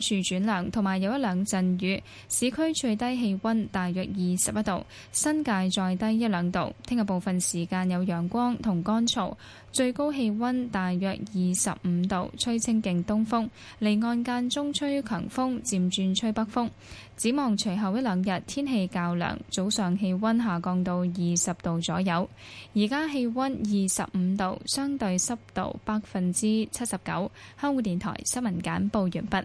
處轉涼，同埋有一兩陣雨。市區最低氣溫大約二十一度，新界再低一兩度。聽日部分時間有陽光同乾燥，最高氣溫大約二十五度，吹清勁東風。離岸間中吹強風，漸轉吹北風。展望隨後一兩日天氣較涼，早上氣溫下降到二十度左右。而家氣溫二十五度，相對濕度百分之七十九。香港電台新聞簡報完畢。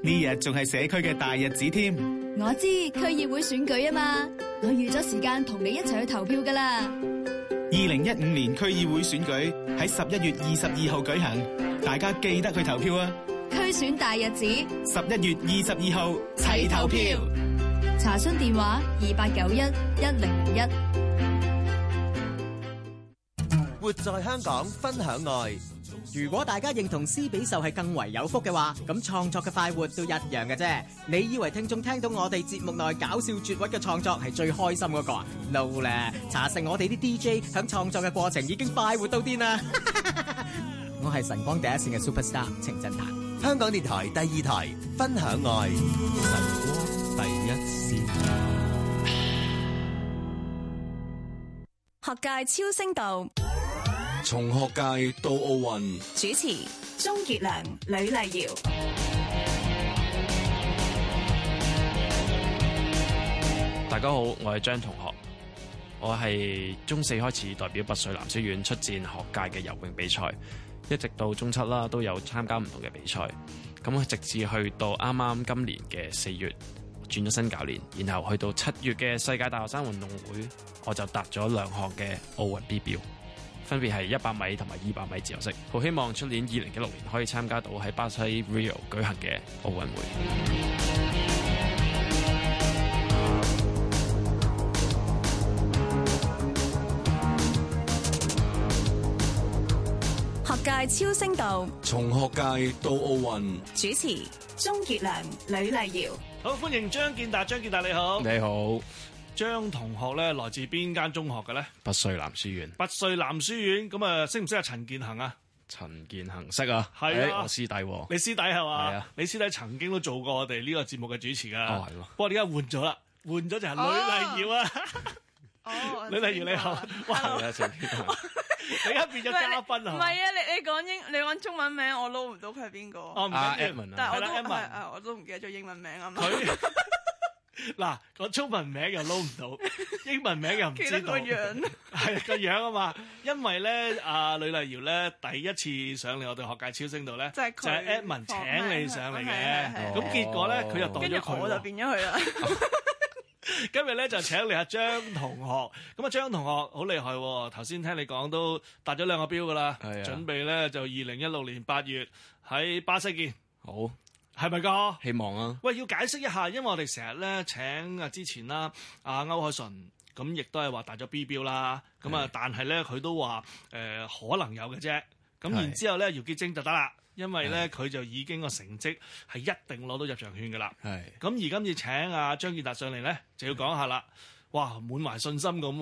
呢日仲係社區嘅大日子添，我知區議會選舉啊嘛，我預咗時間同你一齊去投票噶啦。二零一五年區議會選舉喺十一月二十二號舉行，大家記得去投票啊！區選大日子，十一月二十二號齊投票。投票查詢電話二八九一一零一。活在香港，分享愛。如果大家認同施比受係更為有福嘅話，咁創作嘅快活都一樣嘅啫。你以為聽眾聽到我哋節目內搞笑絕屈嘅創作係最開心嗰個啊？No 咧，查實我哋啲 DJ 響創作嘅過程已經快活到癲啦！我係晨光第一線嘅 superstar 程振鵬，香港電台第二台分享愛晨光第一線學界超聲道。從學界到奧運，主持鍾傑良、呂麗瑤。大家好，我係張同學，我係中四開始代表拔萃男書院出戰學界嘅游泳比賽，一直到中七啦都有參加唔同嘅比賽。咁直至去到啱啱今年嘅四月，轉咗新教練，然後去到七月嘅世界大學生運動會，我就達咗兩項嘅奧運 B 標。分別係一百米同埋二百米自由式，好希望出年二零一六年可以參加到喺巴西 Rio 舉行嘅奧運會。學界超聲道，從學界到奧運，主持鍾傑良、呂麗瑤。好歡迎張健達，張健達你好，你好。你好。張同學咧來自邊間中學嘅咧？拔萃男書院。拔萃男書院咁啊，識唔識阿陳建恒啊？陳建恒識啊，係我師弟。你師弟係嘛？係啊，你師弟曾經都做過我哋呢個節目嘅主持噶。哦，係。不過你而家換咗啦，換咗就係呂麗瑤啊。哦，呂麗瑤你好，哇，你好，陳建恒。你而家變咗嘉賓啊？唔係啊，你你講英，你講中文名，我撈唔到佢係邊個。哦，但係我都唔係，我都唔記得做英文名啊嘛。嗱，個中文名又撈唔到，英文名又唔知道，係個樣啊嘛。因為咧，阿呂麗瑤咧第一次上嚟我哋學界超星度咧，就係 Edmond 請你上嚟嘅。咁結果咧，佢就當咗佢。我就變咗佢啦。今日咧就請嚟阿張同學。咁啊，張同學好厲害。頭先聽你講都達咗兩個標噶啦。準備咧就二零一六年八月喺巴西見。好。係咪噶？是是希望啊！喂，要解釋一下，因為我哋成日咧請啊之前啦，阿、啊、歐鎧淳咁亦都係話帶咗 B 標啦，咁啊是，但係咧佢都話誒、呃、可能有嘅啫。咁是然之後咧，姚潔貞就得啦，因為咧佢是就已經個成績係一定攞到入場券噶啦。係是。咁而今次請阿張健達上嚟咧，就要講下啦。哇，滿懷信心咁，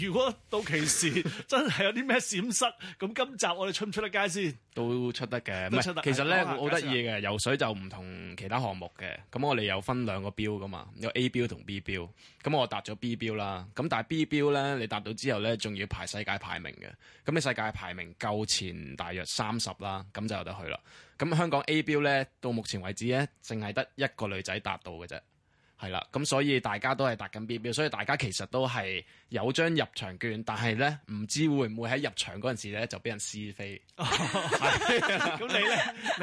如果到期時真係有啲咩閃失，咁 今集我哋出唔出得街先？都出得嘅，唔係，不出得其實咧好得意嘅，游水就唔同其他項目嘅。咁我哋有分兩個標噶嘛，有 A 標同 B 標。咁我達咗 B 標啦。咁但係 B 標咧，你達到之後咧，仲要排世界排名嘅。咁你世界排名夠前大約三十啦，咁就有得去啦。咁香港 A 標咧，到目前為止咧，淨係得一個女仔達到嘅啫。係啦，咁所以大家都係搭緊 B b, b ee, 所以大家其實都係有張入場券，但係咧唔知會唔會喺入場嗰陣時咧就俾人撕飛。咁你咧？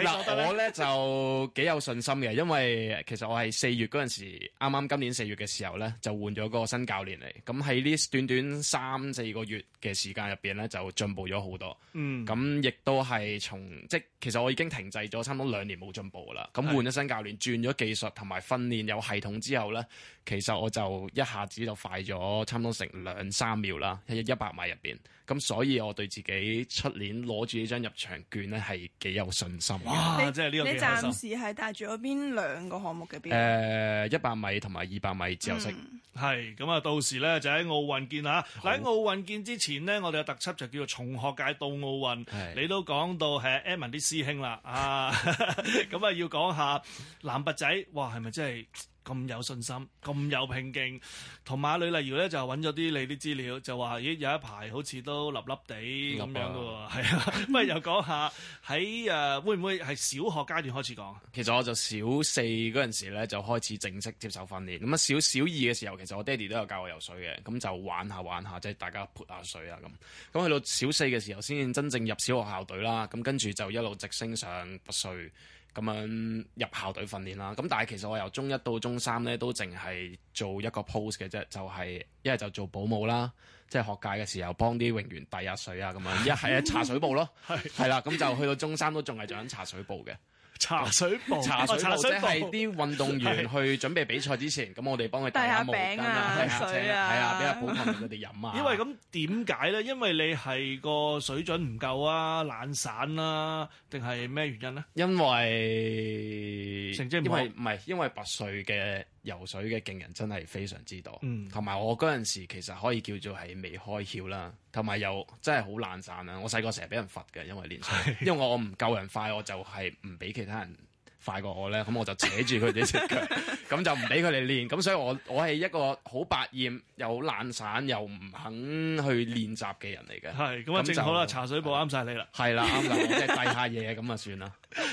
嗱，我咧就幾有信心嘅，因為其實我係四月嗰陣時，啱啱今年四月嘅時候咧就換咗個新教練嚟，咁喺呢短短三四個月嘅時間入邊咧就進步咗好多。嗯，咁亦都係從即其實我已經停滯咗差唔多兩年冇進步啦。咁換咗新教練，轉咗技術同埋訓練有系統之後咧，其實我就一下子就快咗，差唔多成兩三秒啦，一一百米入邊。咁所以我對自己出年攞住呢張入場券咧，係幾有信心。哇！即係呢個，你暫時係帶住咗邊兩個項目嘅邊？誒、呃，一百米同埋二百米自由式。係咁啊，到時咧就喺奧運見吓。喺奧運見之前呢，我哋嘅特輯就叫做從學界到奧運。是你都講到，Edmond 啲師兄啦，啊，咁啊要講下男拔仔，哇，係咪真係？咁有信心，咁有拼勁，同埋阿呂麗瑤咧就揾咗啲你啲資料，就話咦有一排好似都笠笠地咁樣嘅喎。係啊，唔係又講下喺誒、呃、會唔會係小學階段開始講？其實我就小四嗰陣時咧就開始正式接受訓練，咁啊小小二嘅時候其實我爹哋都有教我游水嘅，咁就玩下玩下即係大家潑下水啊咁，咁去到小四嘅時候先真正入小學校隊啦，咁跟住就一路直升上八歲。咁樣入校隊訓練啦，咁但係其實我由中一到中三咧都淨係做一個 post 嘅啫，就係、是、一係就做保姆啦，即係學界嘅時候幫啲泳員遞下水啊咁樣一啊，一係啊茶水部咯，係啦， 咁就去到中三都仲係做緊茶水部嘅。茶水部，茶水部或者係啲運動員去準備比賽之前，咁我哋幫佢遞下毛巾啊，係啊，係啊，俾下補品佢哋飲啊。因為咁點解咧？因為你係個水準唔夠啊，懶散啦，定係咩原因咧？因為成績唔好，因為唔係因為拔萃嘅。游水嘅勁人真係非常之多，同埋、嗯、我嗰陣時其實可以叫做係未開竅啦，同埋又真係好懶散啊！我細個成日俾人罰嘅，因為練水，的因為我唔夠人快，我就係唔俾其他人快過我咧，咁我就扯住佢哋隻腳，咁 就唔俾佢哋練。咁所以我我係一個好百厭又懶散又唔肯去練習嘅人嚟嘅。係，咁啊正好啦，就茶水部啱晒你啦。係啦，啱啦，即係 遞下嘢咁啊算啦。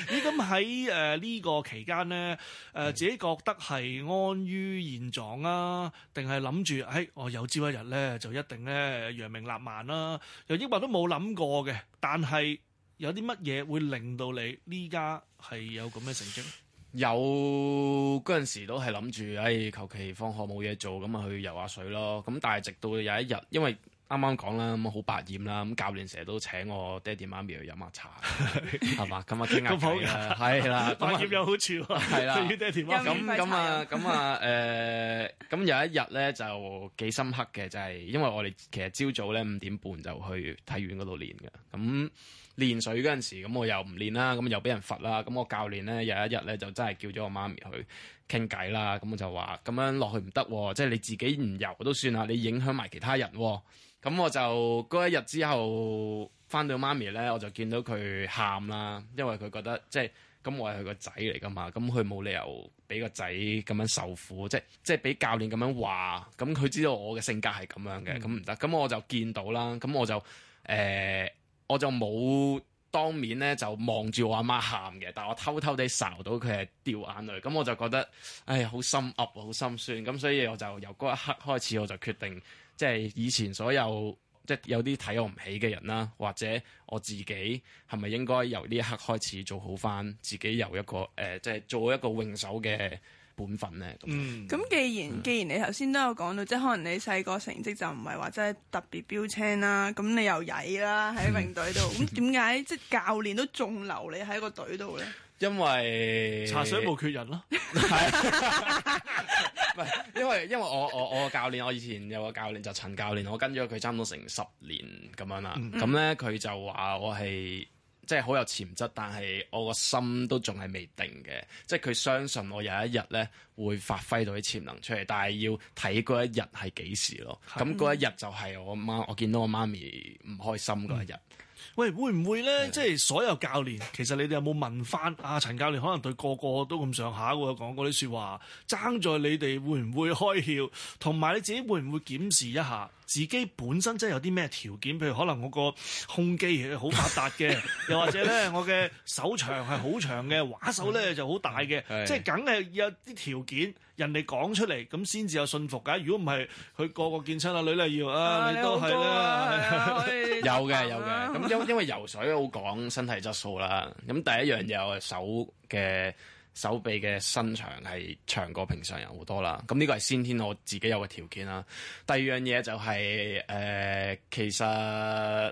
咦？ 咁喺誒呢個期間咧，誒、呃、是自己覺得係安於現狀啊，定係諗住誒我有朝一日咧就一定咧揚明立萬啦、啊？又抑或都冇諗過嘅，但係。有啲乜嘢會令到你呢家係有咁嘅成績？有嗰陣時都係諗住，誒求其放學冇嘢做，咁啊去游下水咯。咁但係直到有一日，因為啱啱講啦，咁好百厭啦，咁教練成日都請我爹哋媽咪去飲下茶，係嘛？ 咁 啊傾下偈，係啦，百厭有好處、啊，係啦， 對於爹哋媽咪咁咁啊咁啊誒，咁有一日咧就幾深刻嘅，就係、是、因為我哋其實朝早咧五點半時就去體院嗰度練嘅，咁。練水嗰陣時，咁我又唔練啦，咁又俾人罰啦。咁我教練咧有一日咧就真係叫咗我媽咪去傾偈啦。咁我就話咁樣落去唔得、啊，即係你自己唔游都算啦，你影響埋其他人、啊。咁我就嗰一日之後翻到媽咪咧，我就見到佢喊啦，因為佢覺得即係咁我係佢個仔嚟噶嘛，咁佢冇理由俾個仔咁樣受苦，即係即係俾教練咁樣話，咁佢知道我嘅性格係咁樣嘅，咁唔得。咁我就見到啦，咁我就誒。欸我就冇當面咧就望住我阿媽喊嘅，但係我偷偷地睄到佢係掉眼淚，咁我就覺得，唉，好心噏，好心酸，咁所以我就由嗰一刻開始，我就決定，即係以前所有即係有啲睇我唔起嘅人啦，或者我自己係咪應該由呢一刻開始做好翻自己，由一個誒，即係做一個泳手嘅。本分咧咁，咁、嗯、既然既然你頭先都有講到，即係可能你細個成績就唔係話真係特別標青啦，咁你又曳啦喺泳隊度，咁點解即係教練都仲留你喺個隊度咧？因為茶水冇缺人咯，係係因為因為我我我、我教練，我以前有個教練就陳教練，我跟咗佢差唔多成十年咁樣啦，咁咧佢就話我係。即係好有潛質，但係我個心都仲係未定嘅。即係佢相信我有一日呢會發揮到啲潛能出嚟，但係要睇嗰一日係幾時咯。咁嗰的一日就係我媽，我見到我媽咪唔開心嗰一日。嗯喂，會唔會咧？ 即係所有教練，其實你哋有冇問翻啊？陳教練可能對個個都咁上下喎，講過啲説話，爭在你哋會唔會開竅，同埋你自己會唔會檢視一下自己本身真係有啲咩條件？譬如可能我個胸肌係好發達嘅， 又或者咧我嘅手長係好長嘅，畫手咧就好大嘅， 即係梗係有啲條件，人哋講出嚟咁先至有信服㗎。如果唔係，佢個個見親啊，呂麗瑤。啊，你都係啦、啊。 有嘅有嘅，咁因因為游水好講身體質素啦。咁第一樣嘢我手嘅手臂嘅身長係長過平常人好多啦。咁呢個係先天我自己有個條件啦。第二樣嘢就係、是、誒、呃，其實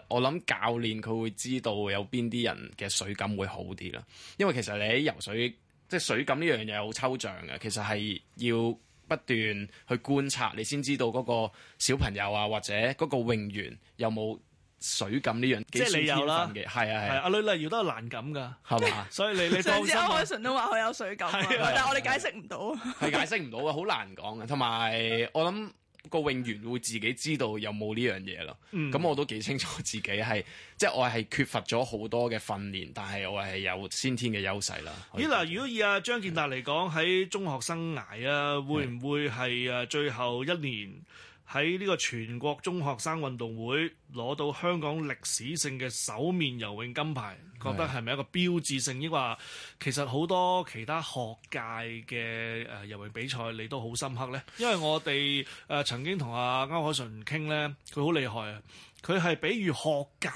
我諗教練佢會知道有邊啲人嘅水感會好啲啦。因為其實你喺游水即係水感呢樣嘢好抽象嘅，其實係要。不斷去觀察，你先知道嗰個小朋友啊，或者嗰個泳員有冇水感呢樣幾先知分嘅，即係你有啦，係啊，係啊，阿女麗瑤都係難感噶，係咪？所以你你上次阿凱旋都話佢有水感，但係我哋解釋唔到，係解釋唔到啊，好難講啊。同埋我諗。個泳員會自己知道有冇呢樣嘢咯，咁、嗯、我都幾清楚自己係，即、就、係、是、我係缺乏咗好多嘅訓練，但係我係有先天嘅優勢啦。咦嗱，如果以阿、啊、張健達嚟講，喺的中學生涯啊，會唔會係誒最後一年？喺呢個全國中學生運動會攞到香港歷史性嘅首面游泳金牌，覺得係咪一個標誌性？抑或其實好多其他學界嘅誒、呃、游泳比賽，你都好深刻呢？因為我哋誒、呃、曾經同阿、啊、歐鎧淳傾呢，佢好厲害啊！佢係比喻學界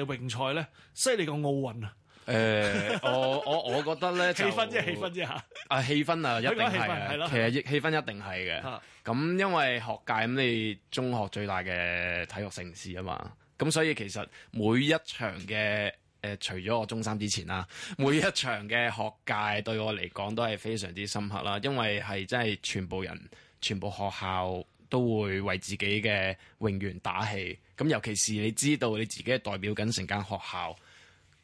嘅泳賽呢，犀利過奧運啊！誒、 呃，我我我覺得咧， 氣氛即係氣氛啫啊，氣氛啊， 一定係，係咯。其實氣氛一定係嘅。咁、 嗯、因為學界咁，你中學最大嘅體育盛事啊嘛。咁所以其實每一場嘅誒、呃，除咗我中三之前啦，每一場嘅學界對我嚟講都係非常之深刻啦。因為係真係全部人、全部學校都會為自己嘅榮譽打氣。咁尤其是你知道你自己係代表緊成間學校。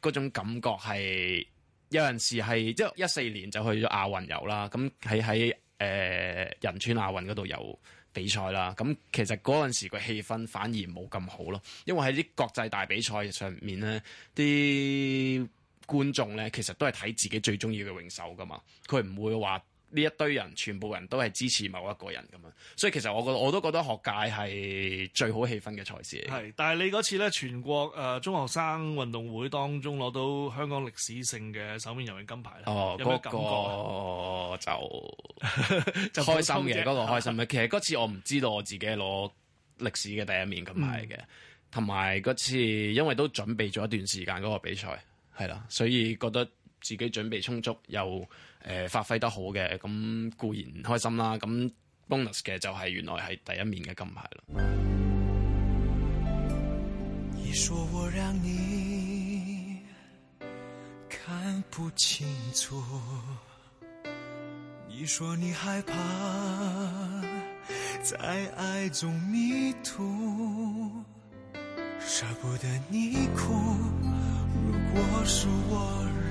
嗰種感覺係有陣時係，即一四年就去咗亞運遊啦，咁係喺誒仁川亞運嗰度有比賽啦。咁其實嗰陣時個氣氛反而冇咁好咯，因為喺啲國際大比賽上面咧，啲觀眾咧其實都係睇自己最鍾意嘅泳手噶嘛，佢唔會話。呢一堆人，全部人都係支持某一個人咁樣，所以其實我覺得我都覺得學界係最好氣氛嘅賽事。係，但係你嗰次咧全國誒、呃、中學生運動會當中攞到香港歷史性嘅首面游泳金牌咧，哦、有咩感覺啊？就 就不少 開心嘅嗰也個開心嘅，其實嗰次我唔知道我自己攞歷史嘅第一面金牌嘅，同埋嗰次因為都準備咗一段時間嗰個比賽係啦，所以覺得自己準備充足又。誒、呃、發揮得好嘅，咁、嗯、固然唔開心啦。咁、嗯、bonus 嘅就係原來係第一面嘅金牌啦。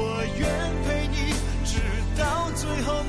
我願陪你直到最後。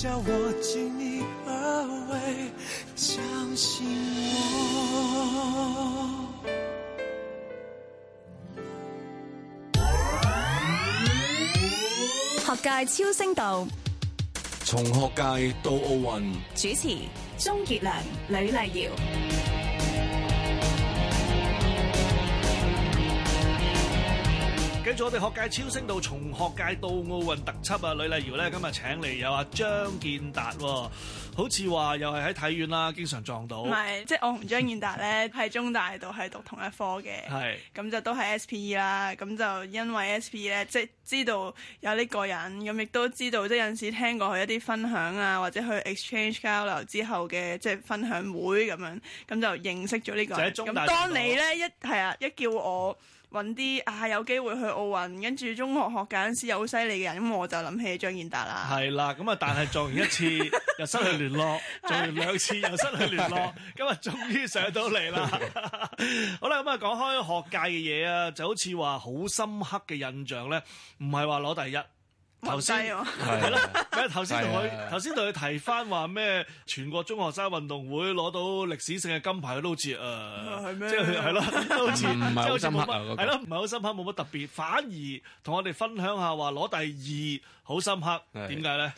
學界超聲道，從學界到奧運。主持：鍾傑良、呂麗瑤。跟住我哋學界超升到從學界到奧運特輯啊，呂麗瑤咧今日請嚟有阿張健達、哦，好似話又係喺體院啦，經常撞到。唔係，即係我同張健達咧係中大度係讀同一科嘅，係咁就都係 SPE 啦。咁就因為 SPE 咧，即係知道有呢個人，咁亦都知道即係有陣時聽過佢一啲分享啊，或者去 exchange 交流之後嘅即係分享會咁樣，咁就認識咗呢個。就喺中大度。當你咧一係啊一叫我。揾啲啊有機會去奧運，跟住中學學界陣時又好犀利嘅人，咁我就諗起張健達啦。係啦，咁啊，但係做完一次 又失去聯絡，做完 兩次又失去聯絡，咁啊，終於上到嚟啦。 好啦，咁、嗯、啊，講開學界嘅嘢啊，就好似話好深刻嘅印象咧，唔係話攞第一。頭先係啦，頭先同佢頭先同佢提翻，話咩？全國中學生運動會攞到歷史性嘅金牌，好似啊，即係係咯，好似唔係好深刻，係咯，唔係好深刻，冇乜特別，反而同我哋分享下話攞第二好深刻。點解咧？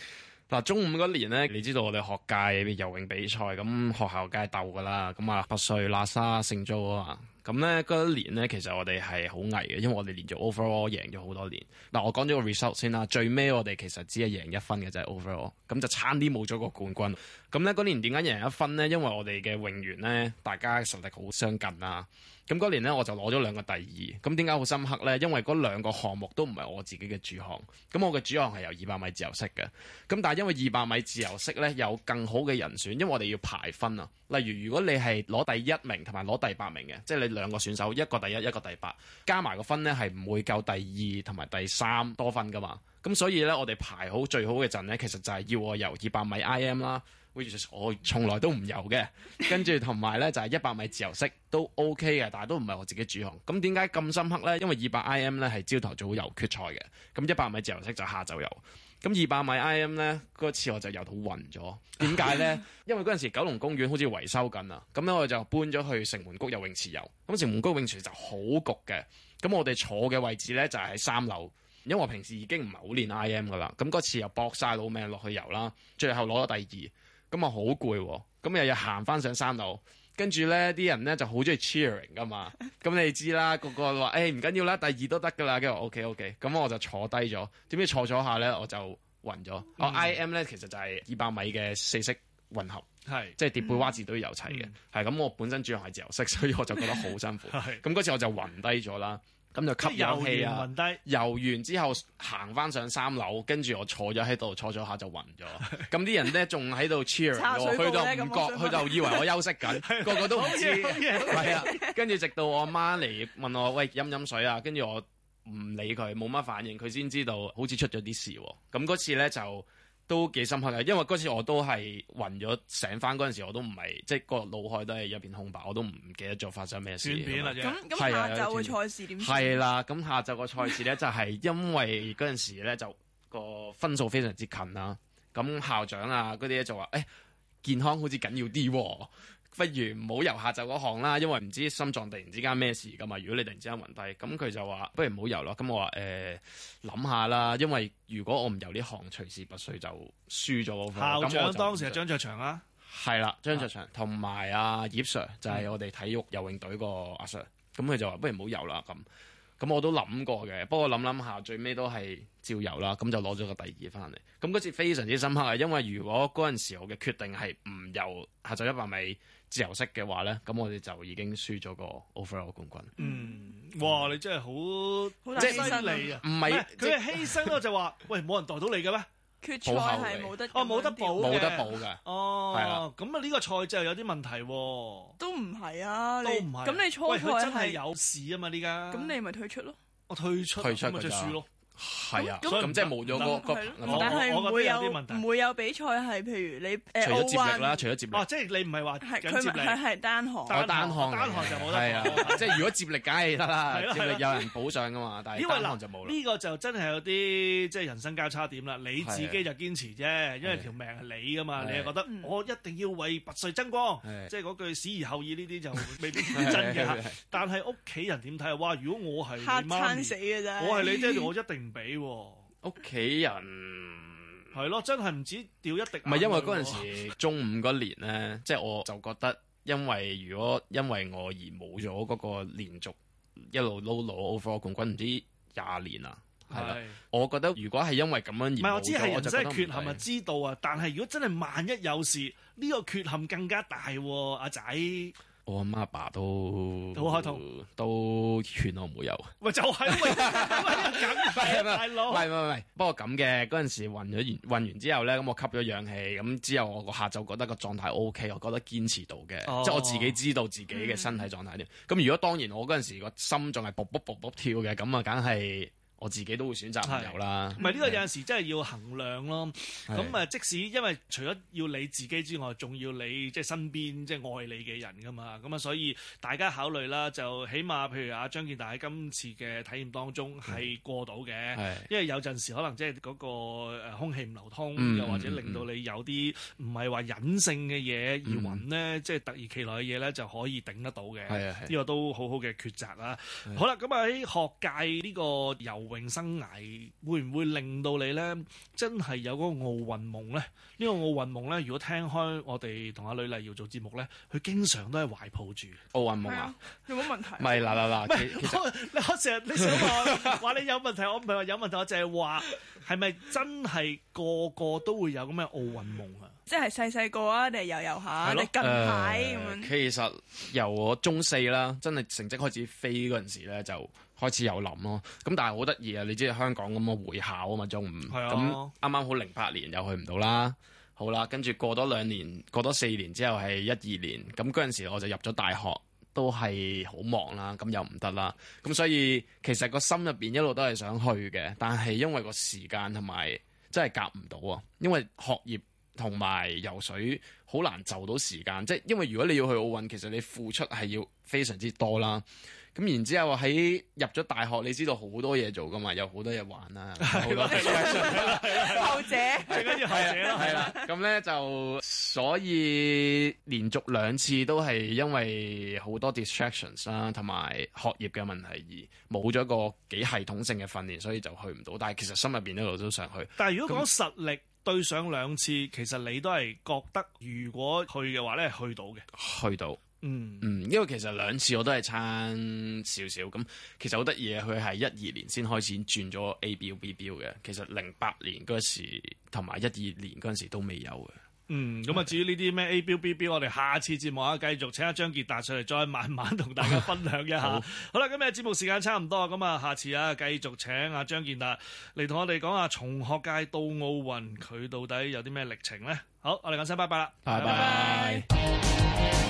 嗱，中五嗰年咧，你知道我哋學界游泳比賽咁，學校梗係鬥噶啦，咁啊，百水、喇沙、勝糟啊。咁呢嗰一年呢，其實我哋係好危嘅，因為我哋連續 overall 贏咗好多年。嗱，我講咗個 result 先啦。最尾我哋其實只係贏一分嘅，就係 overall。咁就差啲冇咗個冠軍。咁呢嗰年點解贏一分呢？因為我哋嘅泳員呢，大家實力好相近啦。咁嗰年呢，我就攞咗兩個第二。咁點解好深刻呢？因為嗰兩個項目都唔係我自己嘅主項。咁我嘅主項係由二百米自由式嘅。咁但係因為二百米自由式呢，有更好嘅人選，因為我哋要排分啊。例如如果你係攞第一名同埋攞第八名嘅，即係你。兩個選手，一個第一一個第八，加埋個分呢，係唔會夠第二同埋第三多分噶嘛，咁所以呢，我哋排好最好嘅陣呢，其實就係要我游二百米 I M 啦，which is, 我從來都唔游嘅，跟住同埋呢，就係一百米自由式都 O K 嘅，但係都唔係我自己主項。咁點解咁深刻呢？因為二百 I M 呢，係朝頭早游決賽嘅，咁一百米自由式就下晝游。咁二百米 I M 呢，嗰次我就游到暈咗。點解呢？ 因為嗰陣時九龍公園好似維修緊啊，咁咧我就搬咗去城門谷游泳池遊。咁城門谷泳池就好焗嘅。咁我哋坐嘅位置呢，就係喺三樓，因為我平時已經唔係好練 I M 噶啦。咁嗰次又搏晒老命落去遊啦，最後攞咗第二。咁啊，好攰，咁日日行翻上三樓。跟住咧，啲人咧就好中意 cheering 噶嘛，咁、 嗯、你知啦，個個話誒唔緊要啦，第二都得噶啦，跟住 O K O K，咁我就坐低咗。點知坐咗下咧，我就暈咗。我 I M 咧其實就係二百米嘅四式混合，係是即係蝶背、蛙自都要游齊嘅，係咁、嗯。我本身主要係自由式，所以我就覺得好辛苦。咁嗰 是次我就暈低咗啦。咁就吸氧氣啊。遊完之後行翻上三樓，跟住 我坐咗喺度，坐咗下就暈咗。咁啲 人咧仲喺度 cheer 我，佢就唔覺，佢就以為我休息緊， 個個都唔知。係 啊，跟住直到我媽嚟問我： 喂，飲飲水啊！跟住我唔理佢，冇乜反應，佢先知道好似出咗啲事啊。咁嗰次咧就。都幾深刻嘅，因為嗰次我都係暈咗醒翻嗰陣時，我都唔係即係個腦海都係一片空白，我都唔記得咗發生咩事。斷片啦，咁下晝嘅賽事點算？係啦，咁下晝個賽事咧就係因為嗰陣時咧就個分數非常之近啦，咁 校長啊嗰啲咧就話：誒、哎、健康好似緊要啲、啊、喎。不如唔好遊下晝嗰行啦，因為唔知心臟突然之間咩事㗎嘛。如果你突然之間暈低，咁佢就話不如唔好遊啦。咁我話誒諗下啦，因為如果我唔遊呢行，隨時不需就輸咗嗰個。校長我當時係張卓祥啦、啊，係啦，張卓祥同埋阿葉 sir 就係我哋體育游泳隊個阿、啊、sir。咁佢就話不如唔好遊啦咁。咁我都諗過嘅，不過諗諗下，最尾都係照遊啦，咁就攞咗個第二返嚟。咁嗰次非常之深刻啊，因為如果嗰陣時我嘅決定係唔遊，下晝一百米自由式嘅話咧，咁我哋就已經輸咗個 overall 冠軍。嗯，哇！嗯、你真係好犀利啊，唔係佢係犧牲咯，就話喂，冇人代到你嘅咩？決賽係冇得哦，冇得補嘅，哦，冇得補嘅。哦，係啦的，咁啊呢個賽制有啲問題喎。都唔係啊，都唔係、啊。咁你，、啊、你初賽真係有事啊嘛？呢家咁你咪退出咯。我、哦、退出，退出咪就輸咯。係啊，所以咁即係冇咗個個。但係唔會有唔會有比賽係，譬如你誒。除咗接力啦，除咗接力。哇！即係你唔係話緊接力。係佢係單項，有單項。單項就冇得講。係啊，即係如果接力梗係得啦，接力有人補上噶嘛。但係單項就冇啦。呢個就真係有啲即係人生交叉點啦。你自己就堅持啫，因為條命係你噶嘛。你係覺得我一定要為拔萃爭光，即係嗰句死而後已呢啲就未必係真嘅。但係屋企人點睇啊？哇！如果我係蝦媽，死㗎咋！我係你爹哋，我一定。俾屋企人係咯，真係唔止掉一滴。唔係因為嗰陣時中五嗰年咧， 即係我就覺得，因為如果因為我而冇咗嗰個連續一路攞攞冠軍，唔知廿年啊？係啦。是我覺得如果係因為咁樣而唔係，我知係人真係缺陷啊，知道啊。但係如果真係萬一有事，呢個缺陷更加大喎、啊，阿仔。我阿媽阿爸都都都勸我唔好遊，咪就係、係，梗唔係啊， 大佬，唔係唔係唔係，不過咁嘅嗰陣時運咗完，運完之後咧，咁、嗯、我吸咗氧氣，咁、嗯、之後我個下晝覺得個狀態 O、OK, K，我覺得堅持到嘅，哦、即係我自己知道自己嘅身體狀態啲。咁、嗯、如果當然我嗰陣時個心臟係卜卜卜跳嘅，咁啊梗係。我自己都會選擇朋友啦。唔係呢個有陣時真係要衡量咯。咁啊的，即使因為除咗要你自己之外，仲要你即係身邊即係愛你嘅人㗎嘛。咁啊，所以大家考慮啦，就起碼譬如阿張健達喺今次嘅體驗當中係過到嘅。嗯、因為有陣時可能即係嗰個空氣唔流通，嗯、又或者令到你有啲唔係話隱性嘅嘢而暈呢，嗯、即係突然其來嘅嘢咧就可以頂得到嘅。係呢個都好好嘅抉擇啦。的好啦，咁啊喺學界呢個遊泳生涯會唔會令到你咧，真係有嗰個奧運夢咧？呢個奧運夢咧，如果聽開我哋同阿呂麗瑤做節目咧，佢經常都係懷抱住奧運夢啊。有冇問題、啊？唔係，嗱嗱嗱，唔係，我成日你想話話你有問題，我唔係話有問題，我淨係話係咪真係個個都會有咁嘅奧運夢啊？即係細細個啊，定遊遊下，咯你近排咁、呃。其實由我中四啦，真係成績開始飛嗰陣時咧，就。開始有諗咯，咁但係好得意啊！你知香港咁嘅會考啊嘛，中五咁啱啱好零八年又去唔到啦，好啦，跟住過多兩年，過多四年之後係一二年，咁嗰陣時我就入咗大學，都係好忙啦，咁又唔得啦，咁所以其實個心入邊一路都係想去嘅，但係因為個時間同埋真係夾唔到啊，因為學業同埋游水好難就到時間，即係因為如果你要去奧運，其實你付出係要非常之多啦。咁然之後喺入咗大學，你知道好多嘢做㗎嘛，有好多嘢玩啦，好多 distractions，後者係跟住係啊，係啦， 咁咧 就所以連續兩次都係因為好多 distractions 啦，同埋學業嘅問題而冇咗個幾系統性嘅訓練，所以就去唔到。但係其實心入邊一路都想去。但係如果講實力對上兩次，那其實你都係覺得如果去嘅話咧，去到嘅，去到。嗯嗯，因為其實兩次我都係撐少少，咁其實好得意佢係一二年先開始轉咗 A 標 B 標嘅，其實零八年嗰時同埋一二年嗰陣時都未有嘅。嗯，咁啊，至於呢啲咩 A 標 B 標，我哋下次節目啊繼續請阿張健達上嚟再慢慢同大家分享一下。 好,好啦，咁啊節目時間差唔多，咁啊下次啊繼續請阿張健達嚟同我哋講下從學界到奧運，佢到底有啲咩歷程呢？好，我哋講聲拜拜啦，拜拜。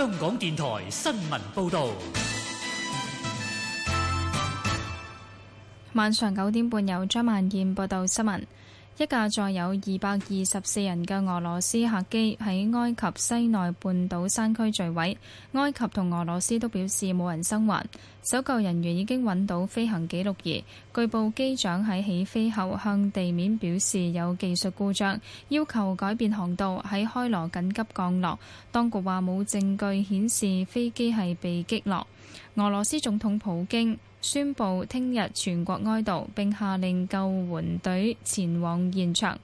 香港電台新聞報道。晚上九點半，由張萬燕報道新聞。一架載有二百二十四人嘅俄羅斯客機喺埃及西奈半島山區墜毀，埃及同俄羅斯都表示冇人生還。搜救人員已經揾到飛行記錄儀，據報機長喺起飛後向地面表示有技術故障，要求改變航道喺開羅緊急降落。當局話冇證據顯示飛機係被擊落。俄羅斯總統普京，宣布聽日全國哀悼，並下令救援隊前往現場。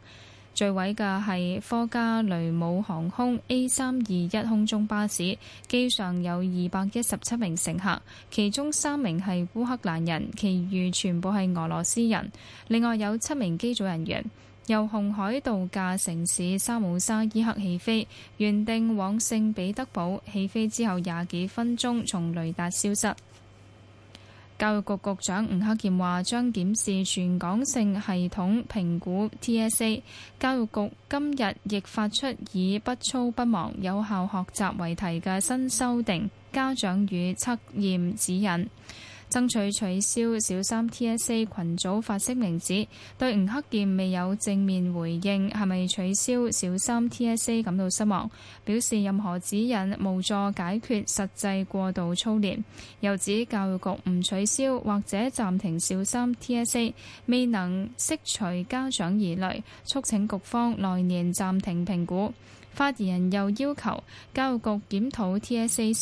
墜毀嘅係科加雷姆航空 A 三二一空中巴士，機上有二百一十七名乘客，其中三名係烏克蘭人，其餘全部係俄羅斯人。另外有七名機組人員，由紅海度假城市沙姆沙伊克起飛，原定往聖彼得堡。起飛之後廿幾分鐘從雷達消失。教育局局長吳克儉話將檢視全港性系統評估 TSA。教育局今日亦發出以不操不忙、有效學習為題嘅新修訂家長與測驗指引。爭取取消小三 TSA 群組發聲明指對吳克儉未有正面回應，係咪取消小三 TSA 感到失望。表示任何指引無助解決實際過度操練。又指教育局唔取消或者暫停小三 TSA，未能釋除家長疑慮，促請局方來年暫停評估。發言人又要求教育局檢討 TSA。